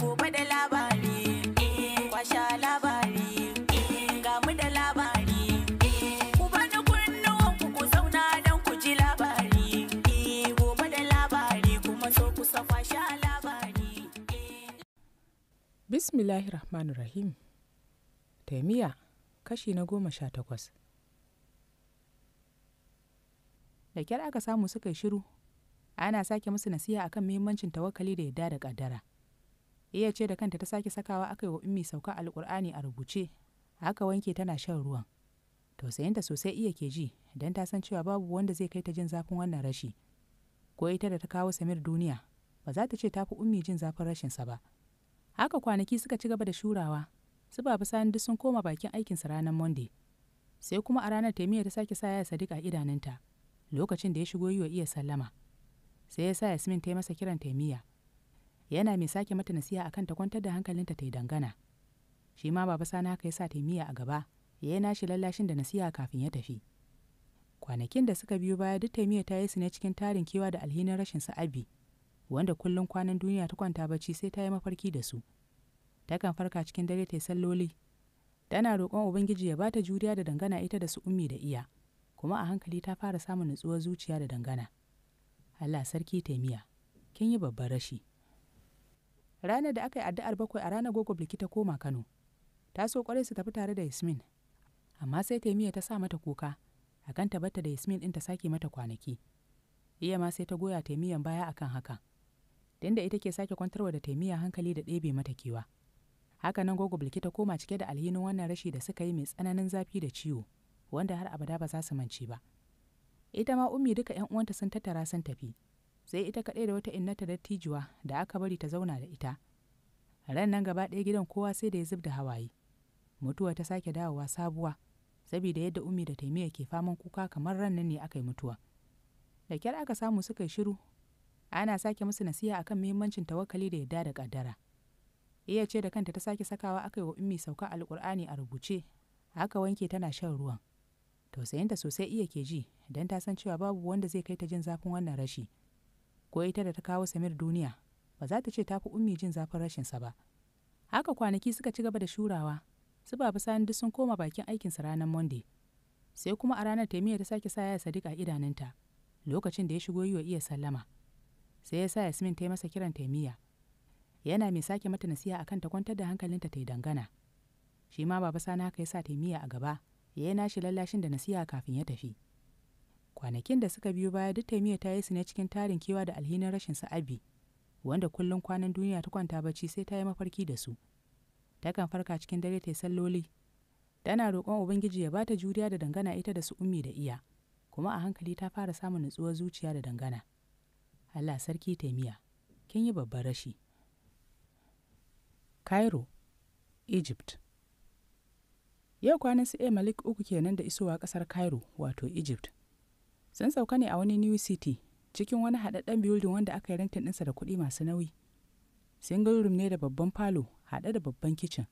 gobe da labari eh, kwasha labari eh, ga mu da labari eh, ku bani kunnuwan ku ku zauna don ku ji labari gobe da labari kuma so ku sa kwasha labari bismillahir rahmanir rahim taimiya kashi na goma sha takwas da kyar aka samu suka yi shiru ana sake musu nasiha akan muhimmancin tawakkali da yadda da kaddara iya ce da kanta ta sake sakawa aka yi wa ummi sauka al'kur'ani a rubuce aka wanke tana shan ruwan tausayinta sosai iya ke ji don ta san cewa babu wanda zai kai ta jin zafin wannan rashi ko ita da ta kawo samir duniya ba za ta ce ta fi ummi jin zafin rashinsa ba haka kwanaki suka ci gaba da shurawa su babu sani duk sun koma bakin aikinsa ranar monday sai kuma a ranar taimiyya ta sake sa ya sadiq a idanunta lokacin da ya shigo yi wa iya sallama sai ya sa yasmin ta yi masa kiran taimiyya yana mai sake mata nasiha akan ta kwantar da hankalinta ta yi dangana shi ma baba sani haka ya sa ta miya a gaba ya yi nashi lallashin da nasiha kafin ya tafi kwanakin da suka biyo baya duk taimiya ta yi su ne cikin tarin kewa da alhinin rashin sa'abi wanda kullum kwanan duniya ta kwanta bacci sai ta yi mafarki da su takan farka cikin dare ta yi salloli tana roƙon ubangiji ya bata juriya da dangana ita da su ummi da iya kuma a hankali ta fara samun nutsuwar zuciya da dangana allah sarki taimiya kin yi babban rashi ranar da aka yi addu'ar bakwai a ranar gogo bilki koma kano ta so kwarai su tafi tare da yasmin amma sai taimiyya ta sa mata kuka a ta bata da yasmin ɗin ta sake mata kwanaki iya ma sai ta goya taimiyan baya akan haka don da ita ke sake kwantarwa da taimiya hankali da ɗebe mata kewa haka nan gogo likita koma cike da alhinin wannan rashi da suka yi mai tsananin zafi da ciwo wanda har abada ba za su mance ba ita ma ummi duka 'yan uwanta sun tattara sun tafi sai ita kaɗai da wata innata dattijuwa da aka bari ta zauna da ita ran nan gaba ɗaya gidan kowa sai da ya zub da hawaye mutuwa ta sake dawowa sabuwa saboda yadda umi da taimiya ke faman kuka kamar ran nan ne aka yi mutuwa da kyar aka samu suka yi shiru ana sake musu nasiha akan muhimmancin tawakali da yadda da kaddara iya ce da kanta ta sake sakawa aka yi wa ummi sauka alƙur'ani a rubuce aka wanke tana shan ruwan tausayinta sosai iya ke ji don ta san cewa babu wanda zai kai ta jin zafin wannan rashi ko ita da ta kawo samir duniya ba za ta ce ta fi ummi jin zafin rashinsa ba haka kwanaki suka ci gaba da shurawa su babu sani duk sun koma bakin aikinsa ranar monday sai kuma a ranar taimiyya ta sake sa ya sadiq a idanunta lokacin da ya shigo yi wa iya sallama sai ya sa yasmin ta yi masa kiran taimiyya yana mai sake mata nasiha akan ta kwantar da hankalinta ta yi dangana shi ma baba sani haka ya sa taimiyya a gaba ya yi nashi lallashin da nasiha kafin ya tafi kwanakin da suka biyo baya duk taimiyya ta yi su ne cikin tarin kewa da alhinin rashin sa'abi wanda kullum kwanan duniya ta kwanta bacci sai ta yi mafarki da su takan farka cikin dare ta yi salloli tana roƙon ubangiji ya bata juriya da dangana ita da su ummi da iya kuma a hankali ta fara samun nutsuwar zuciya da dangana allah sarki taimiya kin yi babban rashi cairo egypt yau kwanan su A malik uku kenan da isowa ƙasar cairo wato egypt sun sauka ne a wani new city cikin wani haɗaɗɗen building wanda aka yi rentin ɗinsa da kuɗi masu nauyi single room ne da babban falo haɗe da babban kicin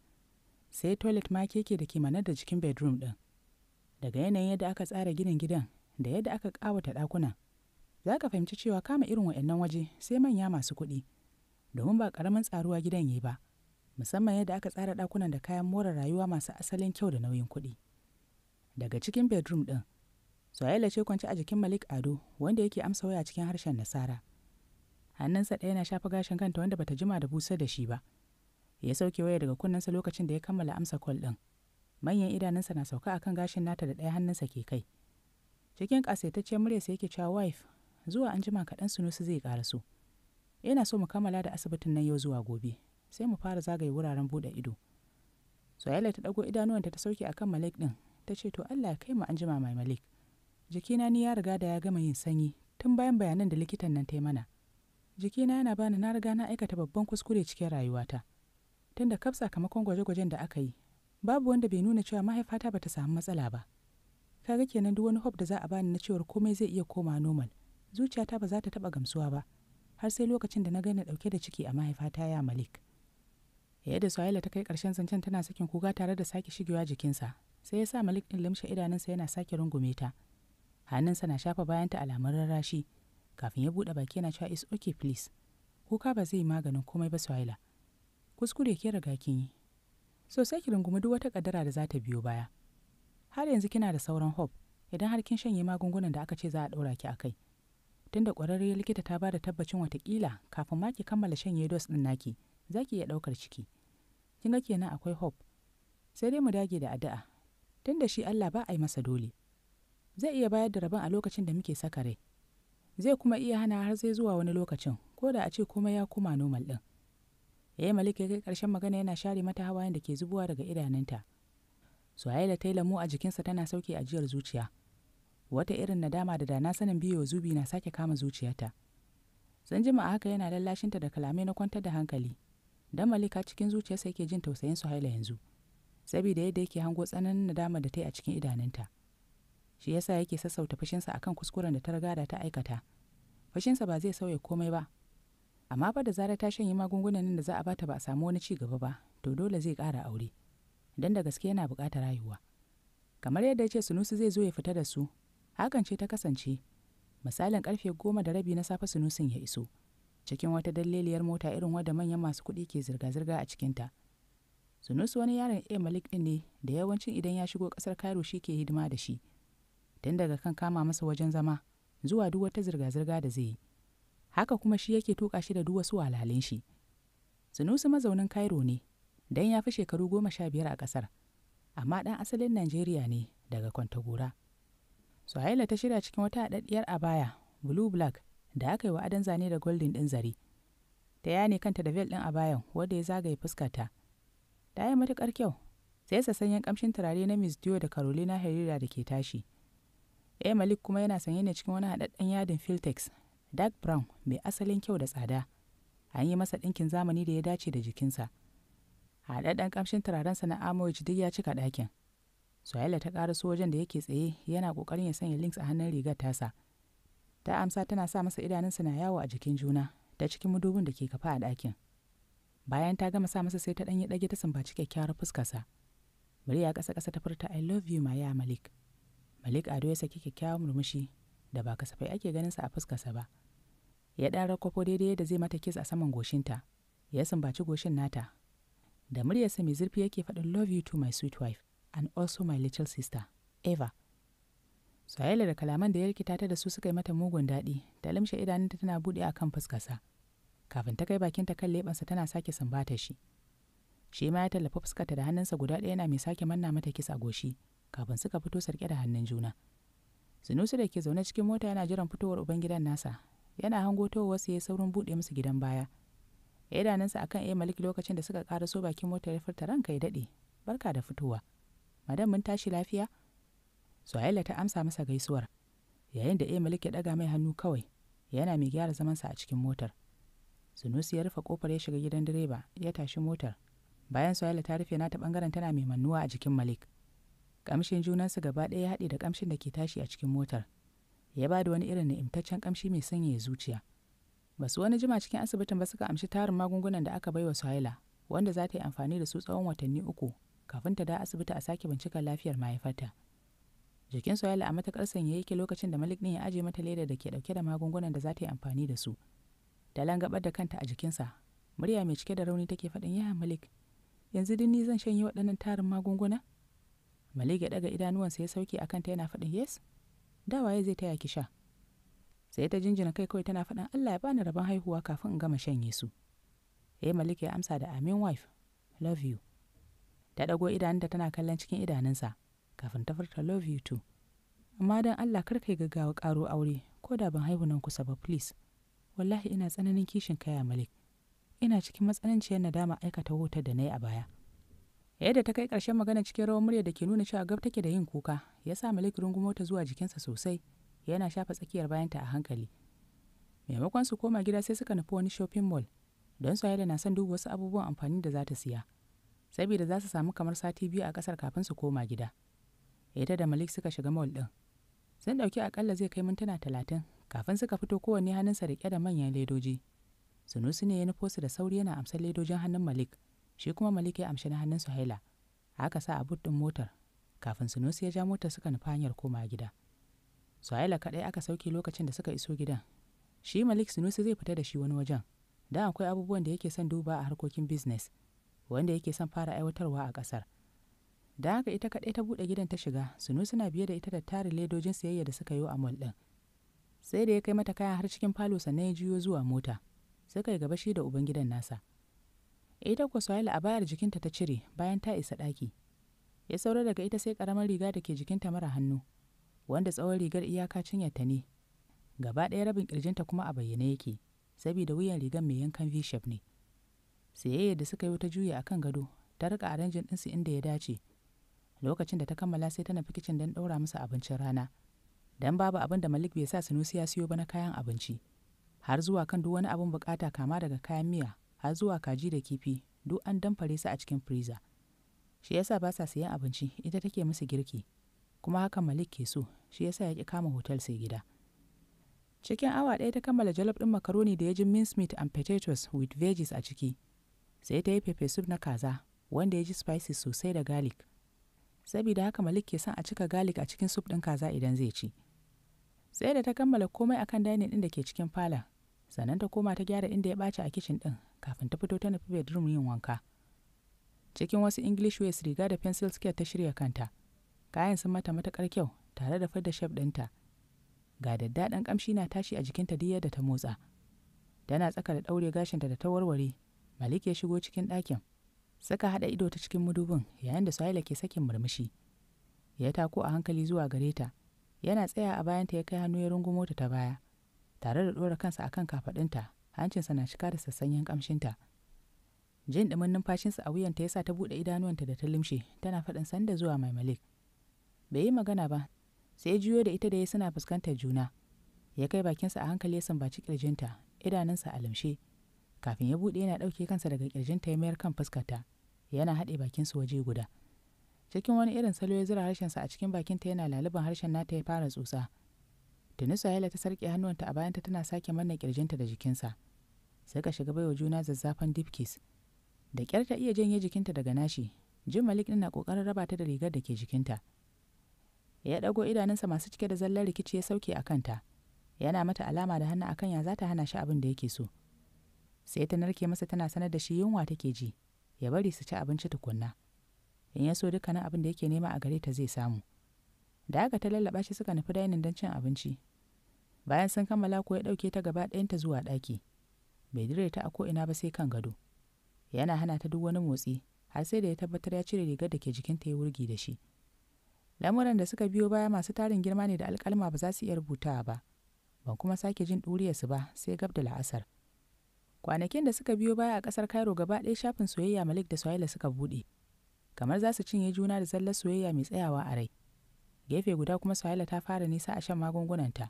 sai toilet ma keke da ke manar da jikin bedroom ɗin daga yanayin yadda aka tsara ginin gidan da yadda aka ƙawata ɗakuna za ka fahimci cewa kama irin wa'annan waje sai manya masu kuɗi domin ba ƙaramin tsaruwa gidan yi ba musamman yadda aka tsara ɗakunan da kayan more rayuwa masu asalin kyau da nauyin kuɗi daga cikin bedroom ɗin Suhaila ce kwance a jikin Malik Ado wanda yake amsa waya cikin harshen Nasara. Hannunsa ɗaya na shafa gashin kanta wanda bata jima da busar da shi ba. Ya sauke waya daga kunnensa lokacin da ya kammala amsa kwal ɗin. Manyan idanunsa na sauka akan gashin nata da ɗaya hannunsa ke kai. Cikin murya muryarsa yake cewa wife zuwa an jima kaɗan nusu zai su. Yana so mu kammala da asibitin nan yau zuwa gobe sai mu fara zagaye wuraren buɗe ido. Suhaila ta ɗago idanuwanta ta sauke akan Malik ɗin ta ce to Allah ya kai mu an jima mai Malik. jikina ni ya riga da ya gama yin sanyi tun bayan bayanan da likitan nan ta yi mana jikina yana bani na riga na aikata babban kuskure cikin rayuwata tunda kaf sakamakon gwaje-gwajen da aka yi babu wanda bai nuna cewa mahaifata bata samu matsala ba kaga kenan duk wani hope da za a bani na cewar komai zai iya koma normal zuciyata ba za ta taba gamsuwa ba har sai lokacin da na gani dauke da ciki a mahaifata ya malik yadda suhaila ta kai karshen zancen tana sakin kuga tare da sake shigewa jikinsa sai ya sa malik din limshe idanunsa yana sake rungume ta hannunsa na shafa bayanta alamun rarrashi kafin ya buɗe baki yana cewa is okay please kuka ba zai maganin komai ba haila. kuskure ke riga kin yi so sai ki rungumi duk wata kaddara da za ta biyo baya har yanzu kina da sauran hope idan har kin shanye magungunan da aka ce za a ɗora ki a kai tunda ƙwararriyar likita ta ba da tabbacin watakila kafin ma ki kammala shanye dos ɗin naki za ki iya ɗaukar ciki kin ga kenan akwai hope sai dai mu dage da addu'a tunda shi Allah ba a yi masa dole zai iya bayar da rabon a lokacin da muke saka rai zai kuma iya hana har sai zuwa wani lokacin ko da a ce komai ya koma nomal ɗin yayi malika ya kai ƙarshen magana yana share mata hawayen da ke zubowa daga idanunta suhaila ta yi lamu a jikinsa tana sauke ajiyar zuciya wata irin nadama da dana sanin biyo zubi na sake kama zuciyarta sun jima a haka yana lallashinta da kalamai na kwantar da hankali dan malika cikin zuciyarsa yake jin tausayin suhaila yanzu saboda yadda yake hango tsananin nadama da ta yi a cikin idanunta shi yasa yake sassauta fushinsa akan kuskuren da ta riga da ta aikata fushinsa ba zai sauya komai ba amma fa da zarar ta shanye magungunan nan da za a bata ba a samu wani ci gaba ba to dole zai ƙara aure dan da gaske yana buƙatar rayuwa kamar yadda ya ce sunusi zai zo ya fita da su hakan ce ta kasance misalin karfe goma da rabi na safe sunusin ya iso cikin wata dalleliyar mota irin wadda manyan masu kuɗi ke zirga-zirga a cikinta sunusi wani yaron a malik ɗin ne da yawancin idan ya shigo ƙasar Kairo shi ke hidima da shi tun daga kan kama masa wajen zama zuwa duk wata zirga-zirga da zai yi haka kuma shi yake tuƙa shi da duk wasu alhalin shi sunusu mazaunin cairo ne dan ya fi shekaru goma sha biyar a ƙasar amma ɗan asalin najeriya ne daga kwantagora suhaila ta shirya cikin wata haɗaɗɗiyar baya, blue black da aka yi wa adon zane da goldin ɗin zare ta yane kanta da vel ɗin a bayan wanda ya zagaye fuskarta ta yi matuƙar kyau sai sasanyen ƙamshin turare na miss dio da carolina herrera da ke tashi Air eh, Malik kuma yana sanye ne cikin wani haɗaɗɗen yadin Filtex, dark brown mai asalin kyau da tsada. An yi masa ɗinkin zamani da ya dace da jikinsa. Haɗaɗɗen ƙamshin sa na Amowich duk ya cika ɗakin. Suhaila ta ƙaraso wajen da yake tsaye yana ƙoƙarin ya sanya links a hannun rigar tasa. Ta amsa tana sa masa idanunsa na yawo a jikin juna ta cikin mudubin da ke kafa a ɗakin. Bayan ta gama sa masa sai ta ɗanyi ɗage ta sumbaci kyakkyawar fuskarsa. Murya ƙasa-ƙasa ta furta I love you Maya Malik. malik ado ya saki kyakkyawan murmushi da ba kasafai ake ganinsa a fuskarsa ba ya ɗara kwafo daidai da zai mata kiss a saman goshinta ya sumbaci goshin nata da muryarsa mai zurfi yake faɗin love you to my sweet wife and also my little sister eva Suhaila da kalaman da ya rikita ta da su suka yi mata mugun daɗi ta limshe idanunta tana buɗe a kan fuskarsa kafin ta kai bakinta kan leɓensa tana sake sumbata shi shi ma ya tallafa fuskarta da hannunsa guda ɗaya yana mai sake manna mata kisa goshi kafin suka fito sarke da hannun juna Zinusu da ke zaune cikin mota yana jiran fitowar ubangidan nasa yana hango wasu ya saurin buɗe musu gidan baya ya idanunsa akan a malik lokacin da suka ƙara so bakin motar ya furta ranka ya daɗe barka da fitowa madam mun tashi lafiya suhaila ta amsa masa gaisuwar yayin da a malik ya ɗaga mai hannu kawai yana mai gyara zamansa a cikin motar sunusi ya rufe kofar ya shiga gidan direba ya tashi motar bayan suhaila ta rufe nata bangaren tana mai mannuwa a jikin malik Ƙamshin junansu gaba ɗaya ya haɗe da ƙamshin da ke tashi a cikin motar. Ya ba da wani irin ni'imtaccen kamshi mai sanyaya zuciya. Basu wani jima cikin asibitin ba suka amshi tarin magungunan da aka baiwa Suhaila, wanda za ta yi amfani da su tsawon watanni uku kafin ta da asibiti a sake bincikar lafiyar mahaifarta. Jikin Suhaila a matakar sanya yake lokacin da Malik ɗin ya aje mata leda da ke dauke da magungunan da za ta yi amfani da su. langa bar da kanta a jikinsa, murya mai cike da rauni take faɗin ya Malik, yanzu din ni zan shanye waɗannan tarin magunguna? Malik ya daga idanuwansa ya sauke akan ta yana faɗin yes da waye zai taya ki sha sai ta jinjina kai kawai tana faɗin Allah ya bani rabon haihuwa kafin in gama shanye su eh Malik ya amsa da amin wife love you ta dago idanunta tana kallon cikin idanunsa kafin ta furta love you too amma dan Allah kar kai gaggawa karo aure ko da ban haihu nan kusa ba please wallahi ina tsananin kishin kaya Malik ina cikin matsananciyar nadama aikata wutar da na yi a baya yadda ta kai ƙarshen magana cikin rawar murya da ke nuna cewa gab take da yin kuka ya sa malik rungumo ta zuwa jikinsa sosai yana shafa tsakiyar bayanta a hankali maimakon su koma gida sai suka nufi wani shopping mall don su da na son duba wasu abubuwan amfani da za ta siya saboda za su samu kamar sati biyu a ƙasar kafin su koma gida ita da malik suka shiga mall ɗin sun ɗauki akalla zai kai mintuna talatin kafin suka fito kowanne hannunsa riƙe da manyan ledoji sunusu ne ya nufo su da sauri yana amsar ledojin hannun malik shi kuma malik ya amshi na hannun suhaila aka sa a but ɗin motar kafin sunusi ya ja motar suka nufa hanyar koma gida suhaila kaɗai aka sauke lokacin da suka iso gidan shi malik sunusi zai fita da shi wani wajen da akwai abubuwan da yake son duba a harkokin business wanda yake son fara aiwatarwa a ƙasar da haka ita kaɗai ta buɗe gidan ta shiga sunusi na biye da ita da tarin ledojin siyayya da suka yi a mall ɗin sai da ya kai mata kayan har cikin falo sannan ya juyo zuwa mota suka yi gaba shi da ubangidan nasa ita kuwa suhaila a bayar jikinta ta cire bayan ta isa ɗaki ya saura daga ita sai ƙaramar riga da ke jikinta mara hannu wanda tsawon rigar iyaka cinyarta ne gaba ɗaya rabin ƙirjinta kuma a bayyane yake saboda wuyan rigar mai yankan v ne sayayya da suka yi wata juya akan gado ta rika aranjin ɗinsu inda ya dace lokacin da ta kammala sai ta nufi kicin don ɗaura musu abincin rana don babu abin da malik bai sa sanusi ya siyo ba na kayan abinci har zuwa kan duk wani abin bukata kama daga kayan miya har zuwa kaji da kifi duk an damfare su a cikin firiza shi yasa ba sa sayan abinci ita take musu girki kuma haka malik ke so shi yasa ya ki kama hotel sai gida cikin awa ɗaya ta kammala jalof ɗin makaroni da ya ji mincemeat and potatoes with veggies a ciki sai ta yi pepe soup na kaza wanda ya ji spices sosai da garlic saboda haka malik ke son a cika garlic a cikin soup ɗin kaza idan zai ci sai da ta kammala komai akan dining ɗin da ke cikin fala sannan ta koma ta gyara inda ya ɓaci a kitchen ɗin kafin ta fito ta nufi bedroom yin wanka cikin wasu english wears riga da pencil skirt ta shirya kanta kayan sun mata matakar kyau tare da fadda shef ɗinta ga daddaɗan kamshi na tashi a jikinta duk yadda ta motsa tana tsaka da ɗaure gashinta da ta warware malik ya shigo cikin ɗakin Saka haɗa ido ta cikin mudubin yayin da suhaila ke sakin murmushi ya tako a hankali zuwa gare ta yana tsaya a bayanta ya kai hannu ya rungumo ta ta baya tare da ɗora kansa akan kafaɗinta hancinsa na cika da sassanyen kamshinta jin ɗumin numfashinsa a wuyanta ya sa ta buɗe idanuwanta da ta limshe tana faɗin sanda zuwa mai malik bai yi magana ba sai juyo da ita da ya suna fuskantar juna ya kai bakinsa a hankali ya sambaci kirjinta idanunsa a limshe kafin ya buɗe yana ɗauke kansa daga kirjinta ya mayar kan fuskarta yana haɗe bakinsu waje guda cikin wani irin salo ya zura harshensa a cikin bakinta yana laliban harshen nata ya fara tsotsa tuni sahila ta sarƙe hannuwanta a bayanta tana sake manna kirjinta da jikinsa sai ka shiga baiwa juna zazzafan deep kiss da kyar ta iya janye jikinta daga nashi jin malik na kokarin raba ta da rigar da ke jikinta ya ɗago idanunsa masu cike da zallar rikici ya sauke a kanta yana mata alama da hannu akan ya za ta hana shi abin da yake so sai ta narke masa tana sanar da shi yunwa take ji ya bari su ci abinci tukunna in ya so dukkanin abin da yake nema a gare ta zai samu da haka ta lallaɓa shi suka nufi dainin don cin abinci bayan sun kammala ko ya ɗauke ta gaba ɗayanta zuwa ɗaki bai dire ta a ko'ina ba sai kan gado yana hana ta duk wani motsi har sai da ya tabbatar ya cire rigar da ke jikinta ya wurgi da shi lamuran da suka biyo baya masu tarin girma ne da alkalma ba za su iya rubutawa ba ban kuma sake jin ɗuriyarsu ba sai gab da la'asar kwanakin da suka biyo baya a ƙasar cairo gaba ɗaya shafin soyayya malik da suhaila suka buɗe kamar za su cinye juna da zallar soyayya mai tsayawa a rai gefe guda kuma suhaila ta fara nisa a shan magungunanta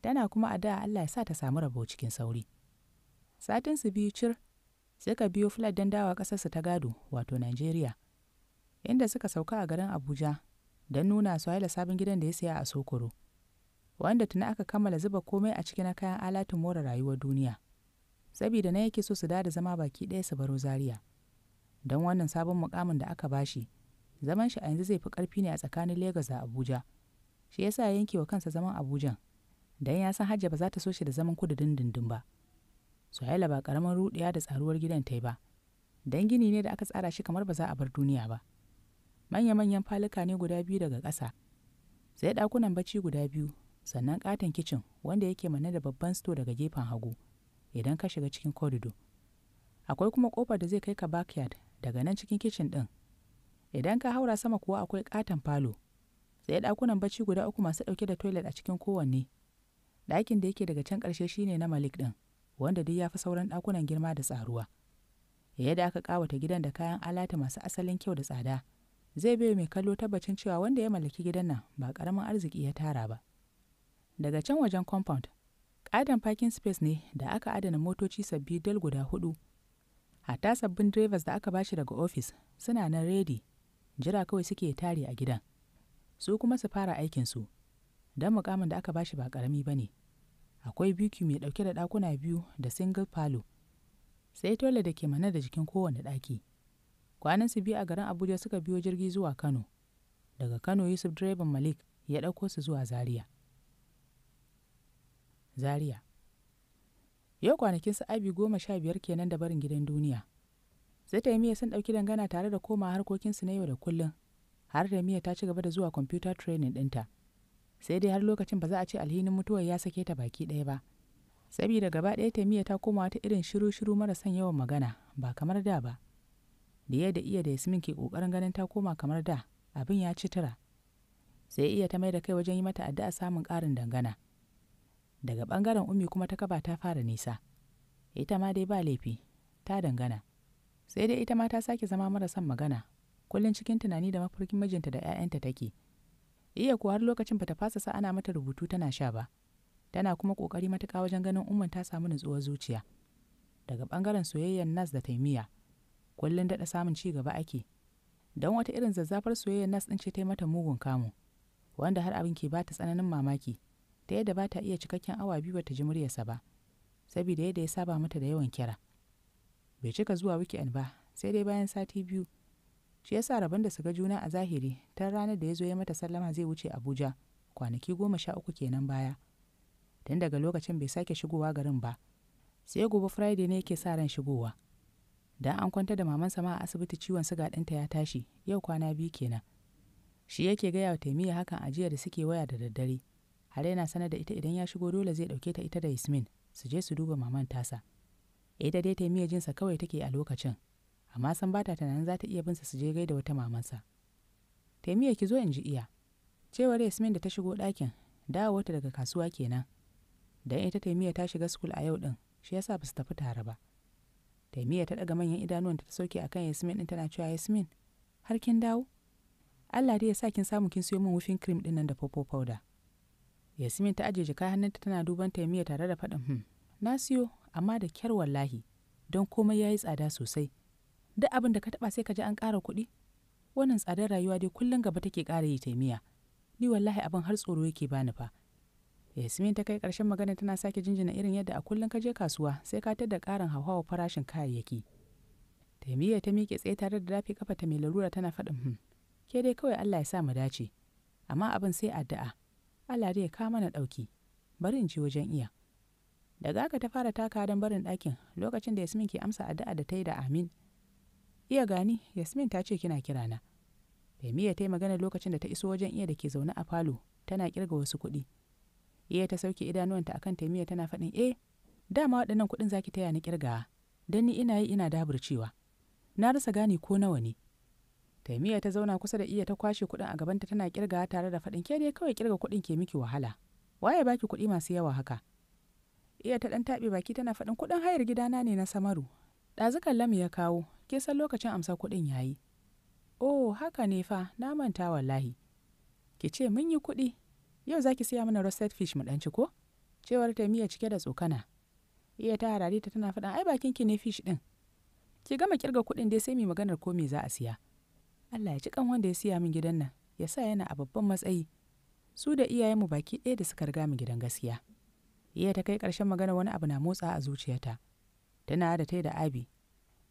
tana kuma a da allah ya sa ta samu rabo cikin sauri Satin su biyu cir sai ka biyo flat don dawa ƙasarsu ta gado wato Najeriya, inda suka sauka a garin Abuja don nuna su haila sabon gidan da ya siya a Sokoro, wanda tuni aka kammala zuba komai a cikin na kayan alatin more rayuwar duniya, saboda na yake so su da zama baki ɗaya su baro Zaria. Don wannan sabon mukamin da aka bashi, zaman shi a yanzu zai fi ƙarfi ne a tsakanin Legas da Abuja, shi yasa ya yanke wa kansa zaman Abujan, don ya san Hajja ba za ta so shi da zaman kudu dindindin ba. Suhaila ba ƙaramin ruɗiya da tsaruwar gidan ta yi ba. Dan gini ne da aka tsara shi kamar ba za a bar duniya ba. Manya-manyan faluka ne guda biyu daga ƙasa. Sai ɗakunan bacci guda biyu, sannan ƙaton kicin wanda yake manne da babban sto daga gefen hagu idan ka shiga cikin korido. Akwai kuma ƙofar da zai kai ka backyard daga nan cikin kicin ɗin. Idan ka haura sama kuwa akwai ƙaton falo. Sai ɗakunan bacci guda uku masu ɗauke da toilet a cikin kowanne. Ɗakin da yake daga can ƙarshe shine na Malik ɗin. wanda dai ya fi sauran ɗakunan girma da tsaruwa da aka ƙawata gidan da kayan alata masu asalin kyau da tsada zai bai mai kallo tabbacin cewa wanda ya mallaki gidan nan ba ƙaramin arziki ya tara ba daga can wajen compound ƙadan parking space ne da aka adana motoci sabbi dal guda hudu hatta sabbin drivers da aka bashi daga ofis suna nan redi jira kawai suke tare a gidan su kuma su fara aikinsu don mukamin da aka bashi ba ƙarami ba ne Akwai BQ mai ɗauke da ɗakuna biyu da single palo. Sai tole da ke mana da jikin kowane ɗaki. Kwanan su biyu a garin Abuja suka biyo jirgi zuwa Kano. Daga Kano Yusuf direban Malik ya ɗauko su zuwa Zaria. Zaria. Yau kwanakin su abi goma sha biyar kenan da barin gidan duniya. Sai ta miya sun ɗauki dangana tare da koma harkokinsu na yau da kullum, har da miya ta ci gaba da zuwa kwamfuta training ɗinta. sai dai har lokacin ba za a ce alhinin mutuwar ya sake ta baki ɗaya ba saboda gaba ɗaya tamiya ta koma ta irin shiru-shiru mara san yawan magana ba kamar da ba da iya da iya da yasmin ke kokarin ganin ta koma kamar da abin ya ci tura sai iya ta mai da kai wajen yi mata addu'a samun ƙarin dangana daga ɓangaren ummi kuma ta kaba ta fara nisa ita ma dai ba laifi ta dangana sai dai ita ma ta sake zama marasan magana kullum cikin tunani da mafarkin mijinta da 'ya'yanta take iya kuwa har lokacin ba bata fasa sa ana mata rubutu tana sha ba tana kuma kokari matuka wajen ganin umman ta samu nutsuwar zuciya daga bangaren soyayyar nas da taimiya kullum daɗa samun ci gaba ake don wata irin zazzafar soyayyar nas ɗin ce ta mata mugun kamu wanda har abin ke ba ta tsananin mamaki ta yadda ba ta iya cikakken awa biyu ba ta ji muryarsa ba saboda yadda ya saba mata da yawan kira bai cika zuwa wiki'an ba sai dai bayan sati biyu shi yasa rabon da su ga juna a zahiri ta ranar da ya zo ya mata sallama zai wuce abuja kwanaki goma sha uku kenan baya tun daga lokacin bai sake shigowa garin ba sai gobe friday ne yake sa ran shigowa da an kwanta da maman sama a asibiti ciwon suga ɗinta ya tashi yau kwana biyu kenan shi yake gaya wa taimiyya hakan ajiya da suke waya da daddare har yana sanar da ita idan ya shigo dole zai ɗauke ta ita da yasmin su je su duba maman tasa ita dai taimiyya jinsa kawai take a lokacin amma san bata tunanin za ta iya binsa su je gai gaida wata mamansa taimiyya ki zo in ji iya cewar yasmin da ta shigo ɗakin dawowarta daga kasuwa kenan da ita taimiya ta shiga skul a yau ɗin shi yasa ba su tafi tare ba taimiyya ta ɗaga manyan idanuwanta ta sauke kan yasmin ɗin tana cewa yasmin har kin dawo Allah dai ya sa kin samu kin siyo min wufin cream din nan da popo powder. Yasmin ta ajiye jaka hannunta tana duban taimiyya tare da faɗin hmm. Na siyo amma da kyar wallahi don komai ya yi tsada sosai. duk abin da ka taɓa sai ka ji an ƙara kuɗi wannan tsadar rayuwa dai kullum gaba take ƙara yi taimiya ni wallahi abin har tsoro yake bani fa yasmin ta kai ƙarshen magana tana sake jinjina irin yadda a kullum ka je kasuwa sai ka tada ƙarin hauhawar farashin kayayyaki taimiya ta miƙe tsaye tare da dafi kafa ta mai larura tana faɗin hmm ke dai kawai Allah ya sa mu dace amma abin sai addu'a Allah dai ya ka mana ɗauki bari in ci wajen iya daga haka ta fara taka don barin ɗakin lokacin da yasmin ke amsa addu'a da ta yi da amin iya gani yasmin ta ce kina kira na taimiyya ta yi magana lokacin da ta iso wajen iya da ke zaune a falo tana kirga wasu kuɗi iya ta sauke idanuwanta akan taimiyya tana faɗin eh dama waɗannan kuɗin zaki taya ni kirgawa don ni ina yi ina daburcewa na rasa gani ko nawa ne taimiyya ta zauna kusa da iya ta kwashe kuɗin a gabanta tana kirgawa tare da faɗin ke dai kawai kirga kuɗin ke miki wahala waye baki kuɗi masu yawa haka iya ta ɗan taɓe baki tana faɗin kuɗin hayar gidana ne na samaru ɗazukan Kallamu ya kawo, ke san lokacin amsa kuɗin ya yi. Oh, haka ne fa, na manta wallahi. Ki ce mun yi kuɗi, yau za ki siya mana roasted fish mu ɗanci ko? Cewar ta miya cike da tsokana. Iya ta harare ta tana faɗan ai bakin ki ne fish ɗin. Ki gama kirga kuɗin dai sai mu maganar ko me za a siya. Allah ya ci kan wanda ya siya min gidan nan, ya sa yana a babban matsayi. Su da iyayenmu baki ɗaya da suka riga mu gidan gaskiya. Iya ta kai ƙarshen magana wani abu na motsa a zuciyarta. tana da tai da abi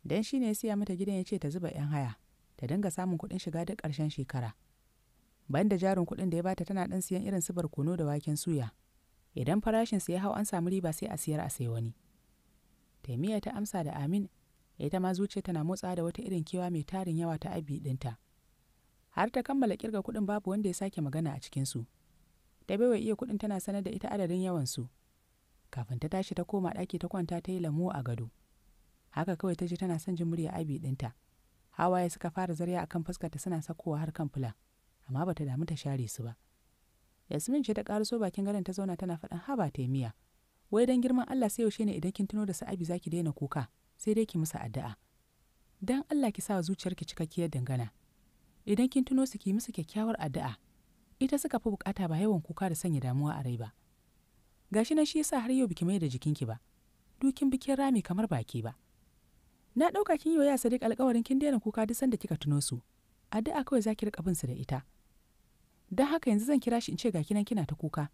dan shi ne ya siya mata gidan ya ce ta zuba 'yan haya ta dinga samun kuɗin shiga duk ƙarshen shekara Ban da jarin kuɗin da ya bata tana ɗan siyan irin su barkono da waken suya idan farashin su ya hau an samu riba sai a siyar a sai wani taimiya ta amsa da amin ita ma zuciya tana motsa da wata irin kewa mai tarin yawa ta abi ɗinta har ta kammala kirga kuɗin babu wanda ya sake magana a cikinsu ta baiwa iya kuɗin tana sanar da ita adadin yawansu kafin ta tashi ta koma ɗaki ta kwanta ta yi lamu a gado haka kawai ta ji tana son jin murya abi ɗinta hawaye suka fara zarya akan ta suna sakowa har kan fula amma bata damu ta share su ba yasmin ce ta ƙaruso bakin gadon ta zauna tana faɗin haba ta miya. wai dan girman Allah sai yaushe ne idan kin tuno da sa'abi zaki daina kuka sai dai ki musu addu'a dan Allah ki sa zuciyarki cikakkiyar dangana idan kin tuno su ki musu kyakkyawar addu'a ita suka fi bukata ba yawan kuka da sanya damuwa a rai ba Ga shi na shi yasa har yau biki mai da jikinki ba dukin bikin rami kamar baki ba na ɗauka kin yi wa sadiq alƙawarin kin daina kuka duk sanda kika tuno su addu'a kawai za ki riƙa bin su da ita don haka yanzu zan kira shi in ce ga kinan kina ta kuka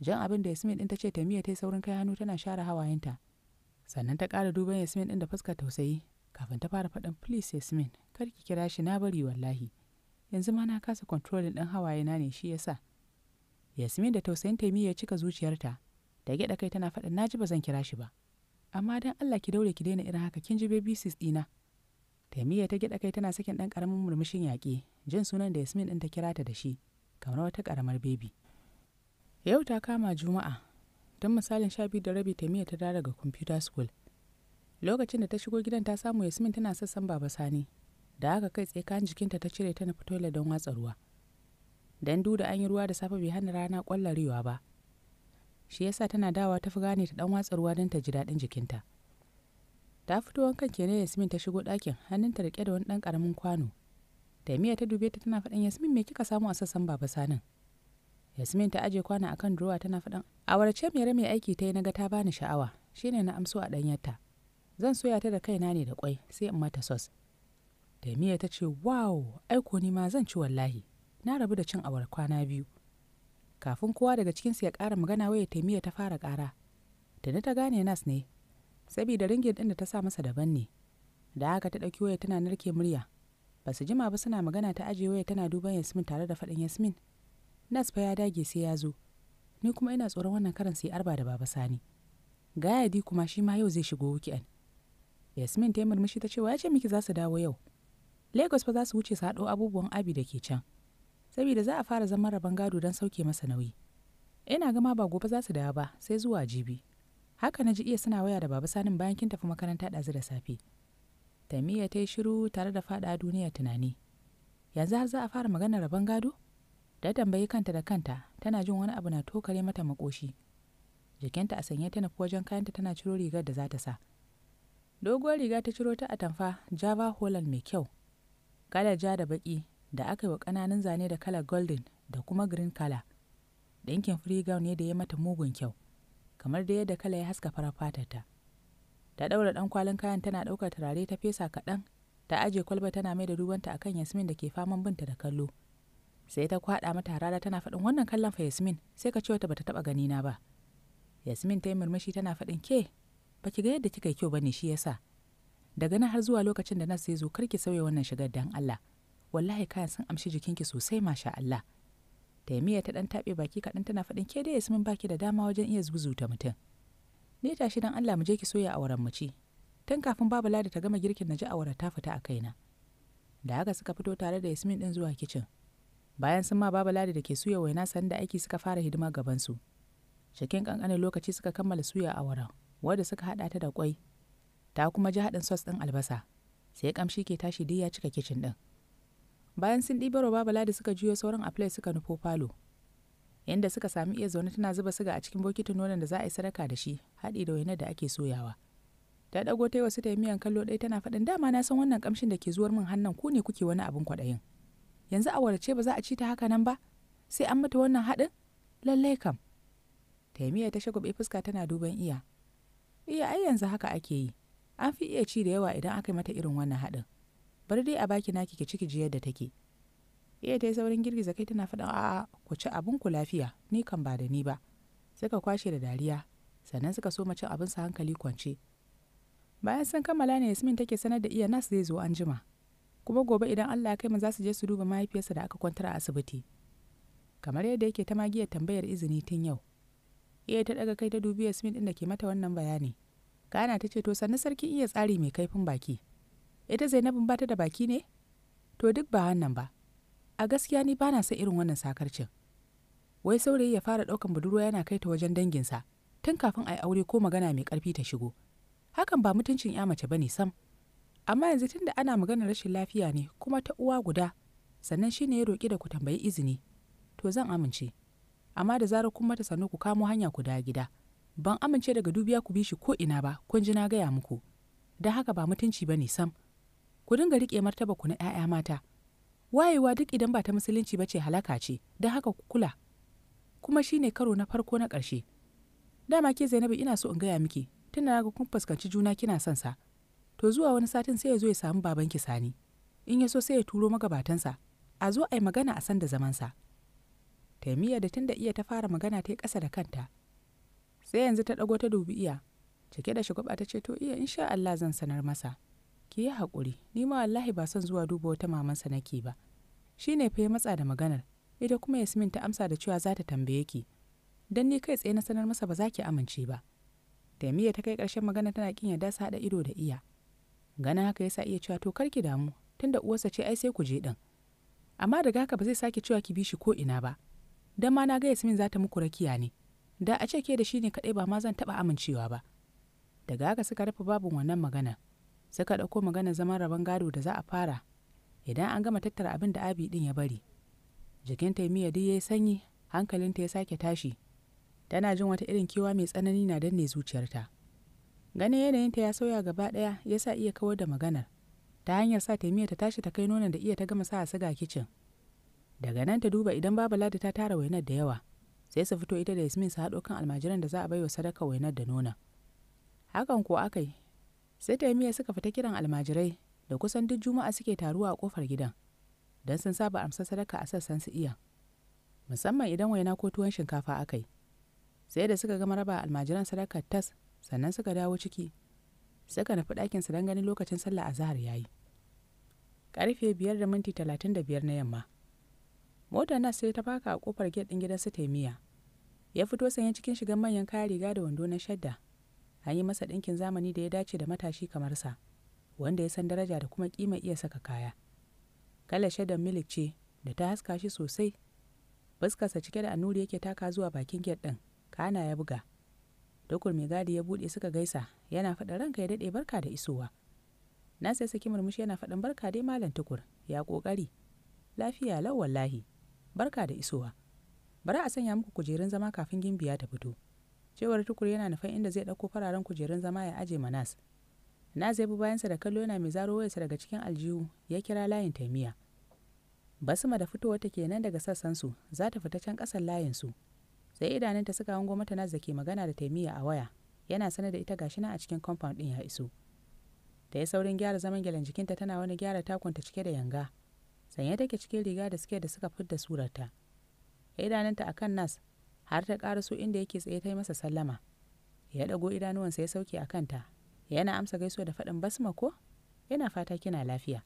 jan abin da yasmin ɗin ta ce tamiya ta yi saurin kai hannu tana share hawayenta sannan ta ƙara duban yasmin ɗin da fuska tausayi kafin ta fara faɗin please yasmin kar ki kira shi na bari wallahi yanzu ma na kasa controlling ɗin hawaye na ne shi yasa yasmin da tausayin taimi ya cika zuciyarta da gyada kai tana faɗin naji ba zan kira shi ba amma dan allah ki daure ki daina irin haka kin ji baby sis ɗina taimiyya ta gyada kai tana sakin ɗan ƙaramin murmushin yaƙi jin sunan da yasmin ɗin ta kira ta da shi kamar wata ƙaramar bebi yau ta kama juma'a tun misalin sha biyu da rabi taimiyya ta dara daga computer school lokacin da ta shigo gidan ta samu yasmin tana sassan baba sani da aka kai tsaye kan jikinta ta cire ta na fitola don watsa ruwa dan duda an yi ruwa da safe bai hana rana kwallarewa ba shi yasa tana dawa ta fi gane ta dan watsa ruwa don ta ji daɗin jikinta ta fito wankan kenan yasmin ta shigo ɗakin hannunta riƙe da wani ɗan ƙaramin kwano miya ta dube ta tana faɗin yasmin me kika samu a sassan baba sanin yasmin ta aje kwana akan durowa tana faɗin awarce mere mai aiki ta yi na ga ta bani sha'awa shine na amso a ɗanyarta zan soya ta da kaina ne da kwai sai in mata sos miya ta ce wow aiko ni ma zan ci wallahi na rabu da cin awar kwana biyu kafin kowa daga cikinsu ya ƙara magana waya taimiyya ta fara ƙara na ta gane nas ne saboda ringin ɗin da ta sa masa daban ne da aka ta ɗauki waya tana narke murya ba su jima ba suna magana ta ajiye waya tana duban yasmin tare da faɗin yasmin nas fa ya dage sai ya zo ni kuma ina tsoron wannan karan sai arba da baba sani gayadi kuma shi ma yau zai shigo an yasmin ta yi murmushi ta ce wa ya ce miki za su dawo yau lagos ba za su wuce su haɗo abubuwan abi da ke can saboda za a fara zama rabon gado don sauke masa nauyi ina gama ba gobe za su dawo ba sai zuwa jibi haka na ji iya suna waya da baba sanin bayan kin tafi makaranta ɗazu da safe tamiya ta yi shiru tare da faɗa duniya tunani yanzu har za a fara maganar rabon gado da tambayi kanta da kanta tana jin wani abu na tokare mata makoshi jikinta a sanye ta nufi wajen kayanta tana ciro rigar da za ta sa doguwar riga ta ciro ta atamfa java holland mai kyau kalar ja da baki da aka yi wa ƙananan zane da kalar golden da kuma green kala ɗinkin free gown ne da ya mata mugun kyau kamar da yadda kala ya haska fara fatarta ta ɗaura ɗan kwalin kayan tana ɗaukar turare ta fesa kaɗan ta aje kwalba tana mai da a akan yasmin da ke faman binta da kallo sai ta kwaɗa mata rara tana faɗin wannan kallon fa yasmin sai ka ce wata bata taɓa gani na ba yasmin ta yi murmushi tana faɗin ke Ba ki ga yadda kika yi kyau ba ne, shi yasa daga nan har zuwa lokacin da nas zai zo kar ki sauya wannan shigar dan Allah wallahi kayan sun amshi jikinki sosai masha Allah Taimiyar ta ɗan taɓe baki kaɗan tana faɗin ke dai yasmin baki da dama wajen iya zuzuta mutum ni tashi dan Allah mu je ki soya awaran mu ci tun kafin babu lada ta gama girkin na ji awara ta fita a kaina da haka suka fito tare da yasmin din zuwa kicin bayan sun ma babu lada da ke suya waina san da aiki suka fara hidima su. cikin ƙanƙanin lokaci suka kammala suya awara wadda suka haɗa ta da kwai ta kuma ji haɗin sos ɗin albasa sai ƙamshi ke tashi duk ya cika kicin ɗin bayan sun ɗibarwa bala ladi suka juyo sauran a play suka nufo falo Yadda suka sami iya zaune tana zuba siga a cikin bokitin nonon da za a yi sadaka da shi haɗi da wainar da ake soyawa ta ɗago ta wasu taimiyan kallo ɗaya tana faɗin dama na san wannan ƙamshin da ke zuwar min hannun ku ne kuke wani abin kwaɗayin yanzu a warace ba za a ci ta haka nan ba sai an mata wannan haɗin lallai kam taimiya ta shagwabe fuska tana duban iya iya ai yanzu haka ake yi an fi iya ci da yawa idan aka yi mata irin wannan haɗin bari dai a baki naki ki ciki jiyar da take iya ta yi saurin girgiza kai tana faɗin a'a ku ci abin ku lafiya ni kan ba da ni ba suka kwashe da dariya sannan suka so cin abin sa hankali kwance bayan sun kammala ne yasmin take sanar da iya nas zai zo an jima kuma gobe idan allah ya kai mu za su je su duba mahaifiyarsa da aka kwantar a asibiti kamar yadda yake ta magiyar tambayar izini tun yau iya ta daga kai ta dubi yasmin din da ke mata wannan bayani kana ta ce to sannu sarkin iya tsari mai kaifin baki ita zainabin bata da baki ne to duk ba wannan ba a gaskiya ni ba na son irin wannan sakarcin wai saurayi ya fara ɗaukan budurwa yana kai ta wajen danginsa tun kafin a yi aure ko magana mai ƙarfi ta shigo hakan ba mutuncin ya mace ba ne sam amma yanzu tun da ana maganar rashin lafiya ne kuma ta uwa guda sannan shine ya roƙi da ku tambayi izini to zan amince amma da zarar kun mata sannu ku kamo hanya ku da gida ban amince daga dubiya ku bi shi ko ina ba kun ji na gaya muku don haka ba mutunci ba ne sam ku dinga riƙe martaba ku na 'ya'ya mata wayewa duk idan ba ta musulunci ba ce halaka ce don haka ku kula kuma shi ne karo na farko na ƙarshe dama ke zainabu ina so in gaya miki tunda na ga kun fuskanci juna kina son sa to zuwa wani satin sai ya zo ya samu babanki sani in ya so sai ya turo magabatansa a zo a yi magana a san da zamansa taimiyya da tunda iya ta fara magana ta yi ƙasa da kanta sai yanzu ta ɗago ta dubi iya cike da shagwaba ta ce to iya insha Allah zan sanar masa ki yi hakuri, ni ma wallahi ba son zuwa duba wata mamansa nake ba shi ne fa ya matsa da maganar ita kuma yasmin ta amsa da cewa za ta tambaye ki don ni kai tsaye na sanar masa ba za ki amince ba taimiyya ta kai ƙarshen magana tana kin ya dasa haɗa ido da iya ganin haka yasa iya cewa to kar ki damu tunda uwarsa ce ai sai ku je ɗin amma daga haka ba zai sake cewa ki bi shi ko ina ba dan ma na ga yasmin za ta muku rakiya ne da a ce ke da shi ne kaɗai ba ma zan taɓa amincewa ba daga haka suka rufe babu wannan magana sai ka ɗauko magana zaman rabon gado da za a fara idan an gama tattara abin da abi ɗin ya bari jikin taimiyya duk ya yi sanyi hankalinta ya sake tashi tana jin wata irin kewa mai tsanani na danne zuciyarta ganin yanayinta ya sauya gaba ɗaya ya sa iya kawar da maganar ta hanyar sa taimiyya ta tashi ta kai nonon da iya ta gama sa a siga kicin daga nan ta duba idan babu ladi ta tara wainar da yawa sai su fito ita da yasmin su haɗo kan almajiran da za a baiwa sadaka wainar da nona hakan ko aka yi sai da miya suka fita kiran almajirai da kusan duk juma'a suke taruwa a kofar gidan don sun saba amsa sadaka a sassan su iya musamman idan waina ko tuwon shinkafa aka yi sai da suka gama raba almajiran sadaka tas sannan suka dawo ciki suka nufi ɗakin su don ganin lokacin sallah azahar ya yi Karfe biyar da minti talatin da biyar na yamma motar na sai ta faka a kofar gate ɗin gidan su taimiya ya fito sanye cikin shigan manyan kaya riga da wando na shadda an yi masa ɗinkin zamani da ya dace da matashi kamar sa wanda ya san daraja da kuma kima iya saka kaya Kala shaidan milik ce da ta haska shi sosai fuskarsa cike da annuri yake taka zuwa bakin gate ɗin kana ya buga dokur mai gadi ya buɗe suka gaisa yana faɗa ranka ya daɗe barka da isowa na sai saki murmushi yana faɗin barka dai malam tukur ya ƙoƙari lafiya lau wallahi barka da isowa bari a sanya muku kujerun zama kafin gimbiya ta fito cewar Tukur yana nufin inda zai ɗauko fararen kujerun zama ya aje ma Nas ya bi bayansa da kallo yana mai zaro wayarsa daga cikin aljihu ya kira layin taimiya. Basma da fitowar ta nan daga sassan su. za ta fita can ƙasan su. Sai idanunta suka hango mata Nas da ke magana da taimiya a waya yana sanar da ita gashi na a cikin compound din ya iso. Ta yi saurin gyara zaman gyalen jikinta tana wani gyara takunta cike da yanga. Sanye take cikin riga da suke da suka fidda surarta. Idanunta akan Nas har ta ƙara su inda yake tsaye ta yi masa sallama ya ɗago idanuwansa ya sauke a kanta yana amsa gaiso da faɗin basma ko yana fata kina lafiya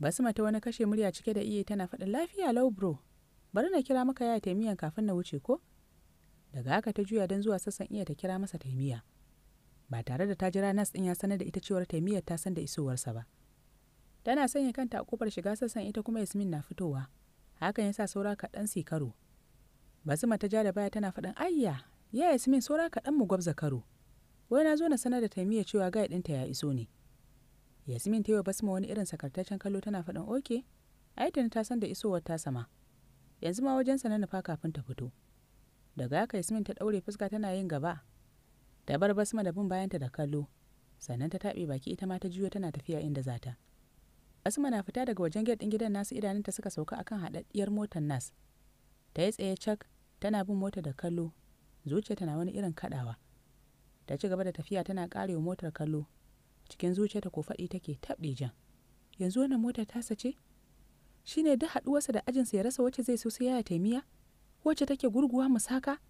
basma ta wani kashe murya cike da iya tana faɗin lafiya lau bro bari na kira maka yaya taimiyan kafin na wuce ko daga haka ta juya don zuwa sassan iya ta kira masa taimiya ba tare da ta jira nas ɗin ya sanar da ita cewar taimiyar ta san da isowarsa ba tana sanya kanta a kofar shiga sassan ita kuma yasmin na fitowa hakan ya sa saura kaɗan si karo Basima ta ja da baya tana faɗin ayya ya yasmin saura kaɗan mu gwabza karo wai na zo na sanar da taimiyya cewa gaya ɗinta ya iso ne yasmin ta yi wa basma wani irin sakartaccen kallo tana faɗin oke aitin ta san da isowar ta sama yanzu ma wajen na nufa kafin ta fito daga haka yasmin ta ɗaure fuska tana yin gaba ta bar basma da bin bayanta da kallo sannan ta taɓe baki ita ma ta juyo tana tafiya inda za ta asma na fita daga wajen gate ɗin gidan nasu idanunta suka sauka akan haɗaɗɗiyar motar nas ta yi tsaye cak tana bin mota da kallo zuciyarta na wani irin kaɗawa ta ci gaba da tafiya tana wa motar kallo cikin ta ko faɗi take taɓe jan yanzu wannan ta tasa ce ne duk haɗuwarsa da ajinsa ya rasa wacce zai so sai yaya taimiya wacce take gurguwa musaka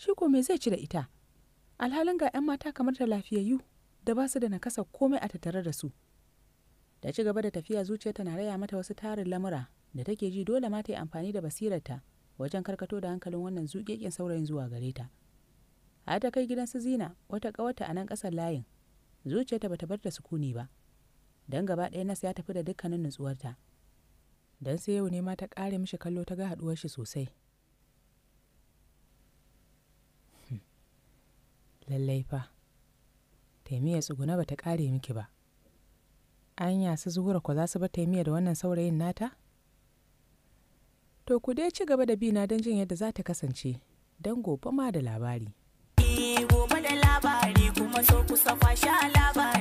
shi ko me zai ci da ita alhalin ga 'yan mata kamar ta lafiyayyu da ba su da nakasa komai a tattare da su ta ci gaba da tafiya zuciya na raya mata wasu tarin lamura da take ji dole ma ta yi amfani da basirarta wajen karkato da hankalin wannan zuƙeƙen saurayin zuwa gare ta har ta kai gidan su zina wata ƙawarta a nan ƙasar layin zuciyarta bata bar da sukuni ba don gaba ɗaya nas ya tafi da dukkanin nutsuwarta don sai yau ne ma ta ƙare mishi kallo ta ga haɗuwar shi sosai hmm. lallai fa taimiyar tsuguna bata ƙare miki ba anya su zuhura ko za su bar taimiyar da wannan saurayin nata To ku dai ci gaba da bina don jin yadda za ta kasance, don gobe ma da labari. gobe da labari kuma so kusa kwashe labari.